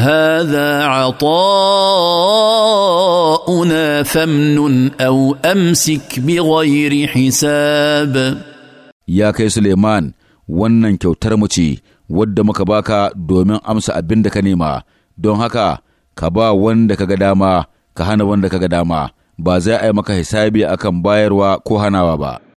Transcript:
هذا عطاؤنا فمن أو أمسك بغير حساب يا كي سليمان wannan kyautar mu ce wadda muka baka domin amsa abin da ka nema don haka ka ba wanda ka ga dama ka hana wanda ka ga dama ba za a yi maka hisabi akan bayarwa ko hanawa ba